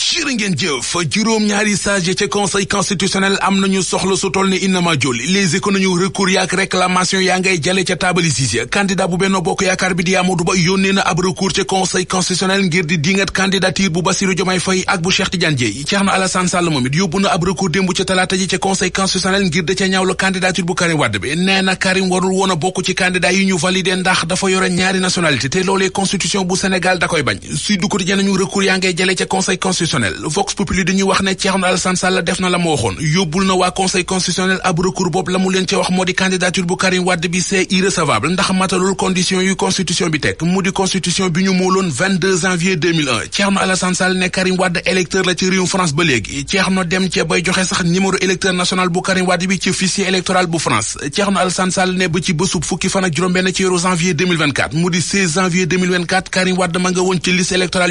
jërë ngeen jëf juróom-ñaari sage ca conseil constitutionnel am nañu soxla su toll ni innama jolli les éco nañu recours yaak réclamation yaa ngay jale ca taabali siis Bokk Yaakaar bi di Amadou Ba yónnee na ab recours ca conseil bu Bassirou Diomaye Faye ak bu Cheikh Tidiane Dièye Thierno Alassane Sall moom it yóbbu na ab recours démb ca talaata ji ca conseil constitutionnel ngir da ca ñaawlu candidature bu Karim Wade bi nee na Karim warul woon a bokk ci candidat yi ñu validé ndax dafa yore ñaari nationalité te loolee constitution bu Sénégal da koy bañ Sud Quotidien nañu recours yaa constitutionnel vox populi dañuy wax ne Thierno Alassane Sall def na la ma waxoon yóbbul na waa conseil constitutionnel ab recours boobu la mu leen ca wax moo di candidature bu Karim Wade bi c'est irrecevable ndax condition yu constitution bi teg di constitution bi ñu móoloon 22 janvier 2001 Thierno Alassane Sall ne Karim Wade électeur la ci réewum France ba léegi Thierno dem ca bay joxe sax numéro électeur national bu Karim Wade bi ci fichier électoral bu France Thierno Alassane Sall ne ba ci bésub fukki fan ak juróom-benn ci weeru janvier mu di janvier 2024 Karim ma nga woon ci liste électorale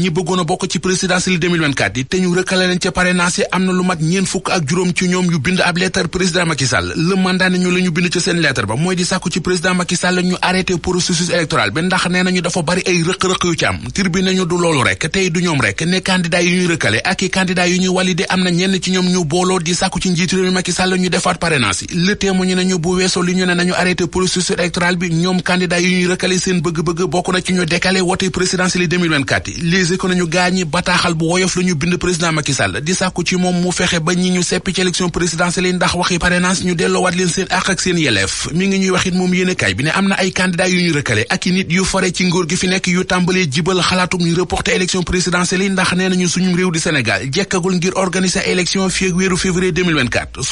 ñi bëggoon a bokk ci présidentielle 2024 yi te ñu rëkkale leen ca parrainage yi am na lu mat ñeen fukk ak juróom ci ñoom yu ñu la ñu bind seen lettre ba mooy di sàkku ci président Macky Sall ñu arrêté processus électoral bi ndax nee am tir bi nañu du rek tey du ñoom rek ne candidat yi ñuy rëkkale ak na ñenn ci ñoom ñu booloo di sàkku ci njiitu réew mi Macky ñu defaat parrainage yi le témoin ñu ne ñu bu weesoo li ñu ne nañu arrêté processus électoral bi ñoom candidat yu bëgg bokk na ci ñu décalé wote présidentielle les éco nañu gaa ñi bataaxal bu woyof la ñu bind président Macky Sall di sàkku ci moom mu fexe ba ñi ñu seppi ci élection présidentielle ndax waxi parrainage ñu delloowaat leen seen àq ak seen yeleef mi ngi ñuy wax it moom yéene kaay bi ne am na ay candidat yu ñu rëkkale ak i nit yu fore ci nguur gi fi nekk yu tàmbalee jibal xalaatum ñu reporter élection présidentielle yi ndax nee nañu suñu réew di Sénégal jekkagul ngir organiser élection fii ak weeru février 2024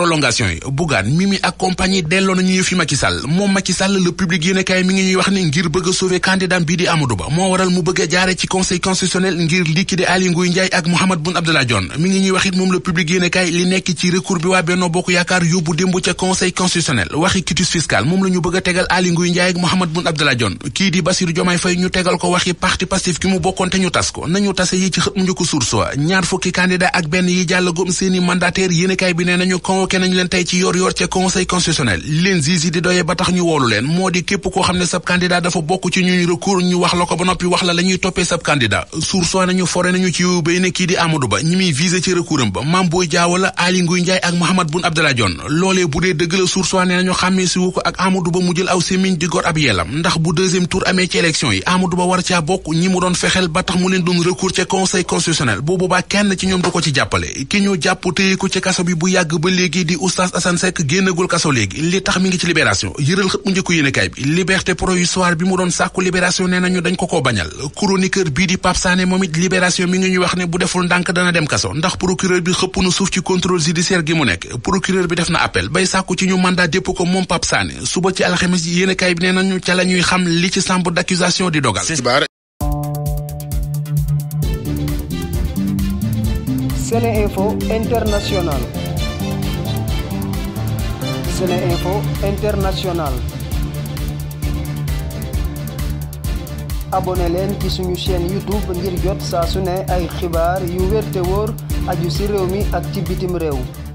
prolongation yi Bougane Mimi ak compagnie delloo nañu yëfi Macky Sall moom Macky Sall le public yéen kaay mi ngi ñuy wax ni ngir bëgg a sauver candidat di Amadou Ba moo waral mu bëgg jaare ci conseil constitutionnel ngir liquider Aly Ngouille Ndiaye ak Mahammed Boun Abdallah Dionne mi ngi ñuy wax moom le public yéen li nekk ci recours bi waa Benno Bokk Yaakaar yóbbu démb ca conseil constitutionnel waxi quitus fiscal moom la bëgg tegal Aly Ngouille convoqué nañ leen tey ci yor yor ca conseil constitutionnel leen juge yi di doyee ba tax ñu woolu leen moo di képp koo xam ne sab candidat dafa bokk ci ñuy recours ñu wax la ko ba noppi wax la la ñuy toppee sab candidat sursoo nañu fore nañu ci yoyu bay ne kii di Amadou Ba ñi muy visé ci recours am ba Mame Boye Diao la Aly Ngouille Ndiaye ak Mahammed Boun Abdallah Dionne loolee bu dee dëgg la sursoo ne nañu xàmmee si ko ak amadu Ba mu jël aw sémiñ di gor ab yelam ndax bu tour amee ci élection yi Amadou Ba war caa bokk ñi mu doon fexel ba tax mu leen doon recours ca conseil constitutionnel boobu ba kenn ci ñoom du ko ci ko ci kaso bi bu yàgg ba léegi kii di oustaz Assane Seck génnagul kaso léegi li tax mi ngi ci libération yëral xët mu njëkko yéenekaay bi liberté provisoire bi mu doon sàkku libération nee nañu dañ ko koo bañal chroniqueur bii di Pape moom it libération mi ngi ñuy wax ne bu deful ndànk dana dem kaso ndax procureur bi xëpp na suuf ci contrôle judiciaire gi mu nekk procureur bi def na appel bay sàkku ci ñu mandat dépp ko moom Pape suba ci alxames yi yéenekaay bi nee nañu ca la SeneInfo International abonné leen ci sunu chaîne YouTube ngir jot saa su ne ay xibaar yu wér te wóor aju ci réew mi ak ci bitim réew